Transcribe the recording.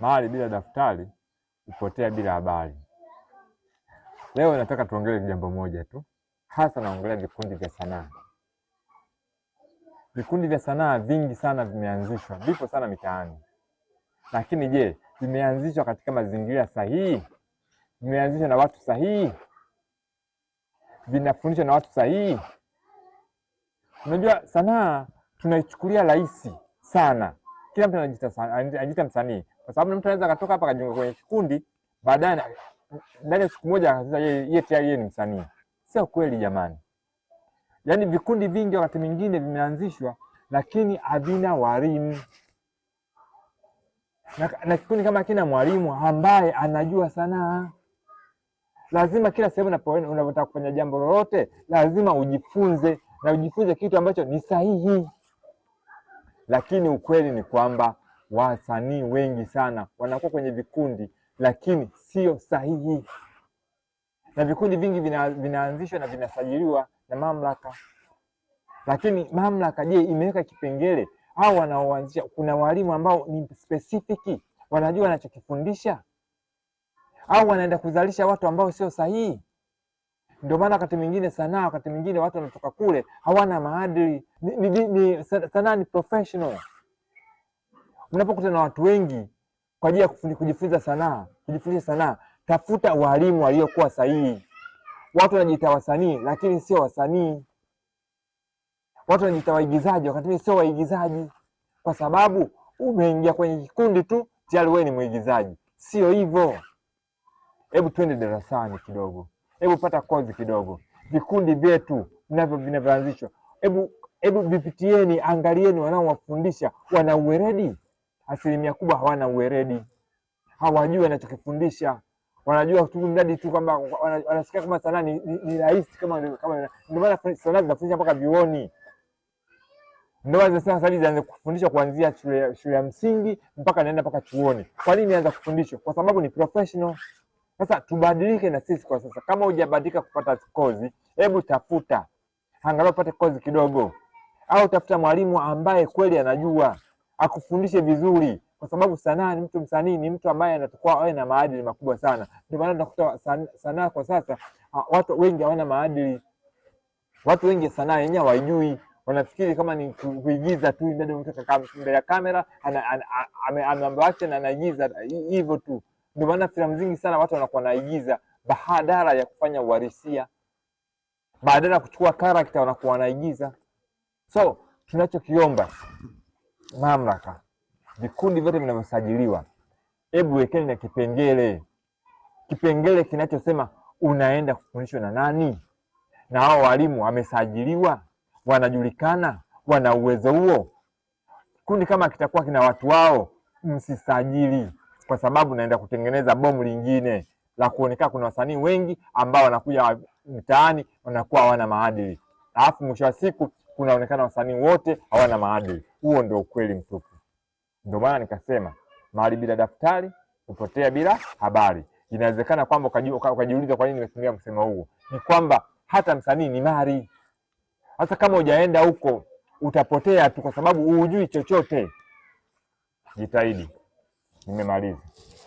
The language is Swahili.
mahali bila daftari hupotea bila habari. Leo nataka tuongelee jambo moja tu, hasa naongelea vikundi vya sanaa. Vikundi vya sanaa vingi sana vimeanzishwa, vipo sana mitaani, lakini je, vimeanzishwa katika mazingira sahihi? Vimeanzishwa na watu sahihi? Vinafundishwa na watu sahihi? Unajua, sanaa tunaichukulia rahisi sana, kila mtu anajiita msanii, kwa sababu mtu anaweza akatoka hapa akajiunga kwenye kikundi baadaye ndani ya siku moja akasema yeye tayari yeye ni msanii. Sio kweli jamani. Yaani vikundi vingi wakati mwingine vimeanzishwa lakini havina walimu na, na kikundi kama kina mwalimu ambaye anajua sanaa. Lazima kila sehemu unapotaka kufanya jambo lolote lazima ujifunze na ujifunze kitu ambacho ni sahihi, lakini ukweli ni kwamba wasanii wengi sana wanakuwa kwenye vikundi, lakini sio sahihi, na vikundi vingi vina, vinaanzishwa na vinasajiliwa na mamlaka. Lakini mamlaka je, imeweka kipengele au wanaoanzisha? Kuna walimu ambao ni specific, wanajua wanachokifundisha au wanaenda kuzalisha watu ambao sio sahihi? Ndio maana wakati mwingine sanaa, wakati mwingine watu wanatoka kule hawana maadili. Ni, ni, ni, sanaa ni professional unapokutana na watu wengi kwa ajili ya kujifunza sanaa, kujifunza sanaa, tafuta walimu waliokuwa sahihi. Watu wanajiita wasanii lakini sio wasanii. Watu wanajiita waigizaji wakati sio waigizaji, kwa sababu umeingia kwenye kikundi tu tayari wewe ni mwigizaji. Sio hivyo. Hebu twende darasani kidogo, hebu pata kozi kidogo. Vikundi vyetu vinavyo vinavyoanzishwa, hebu hebu vipitieni, angalieni wanaowafundisha wana uweredi asilimia kubwa hawana uweredi, hawajui anachokifundisha wanajua tu mradi tu kwamba wanasikia kama sanaa ni, ni, ni rahisi kama kama, ndio maana sanaa zinafundisha mpaka vioni Ndio maana kufundishwa kuanzia shule ya, shule ya msingi mpaka naenda mpaka chuoni. Kwa nini inaanza kufundishwa? Kwa sababu ni professional. Sasa tubadilike na sisi kwa sasa. Kama hujabadilika kupata kozi, hebu tafuta angalau upate kozi kidogo, au tafuta mwalimu ambaye kweli anajua akufundishe vizuri, kwa sababu sanaa ni mtu, msanii ni mtu ambaye anatakiwa awe na maadili makubwa sana. Ndio maana unakuta sanaa kwa sasa watu wengi hawana maadili, watu wengi sanaa yenyewe hawajui wanafikiri kama ni kuigiza tu, dada mtu mbele ya kamera mambo na anaigiza hivyo tu. Ndio maana filamu zingi sana watu wanakuwa naigiza bahadara ya kufanya uhalisia, badala ya kuchukua karakta wanakuwa wanaigiza. So tunachokiomba mamlaka, vikundi vyote vinavyosajiliwa, hebu wekeni na kipengele, kipengele kinachosema unaenda kufundishwa na nani, na hao walimu wamesajiliwa, wanajulikana, wana uwezo huo. Kundi kama kitakuwa kina watu wao, msisajili, kwa sababu naenda kutengeneza bomu lingine la kuonekana kuna wasanii wengi ambao wanakuja mtaani wanakuwa hawana maadili, alafu mwisho wa siku kunaonekana wasanii wote hawana maadili. Huo ndio ukweli mtupu. Ndio maana nikasema mali bila daftari hupotea bila habari. Inawezekana kwamba ukajiuliza kwa nini nimetumia msemo huo, ni kwamba hata msanii ni mali. Sasa kama hujaenda huko utapotea tu, kwa sababu hujui chochote. Jitahidi. Nimemaliza.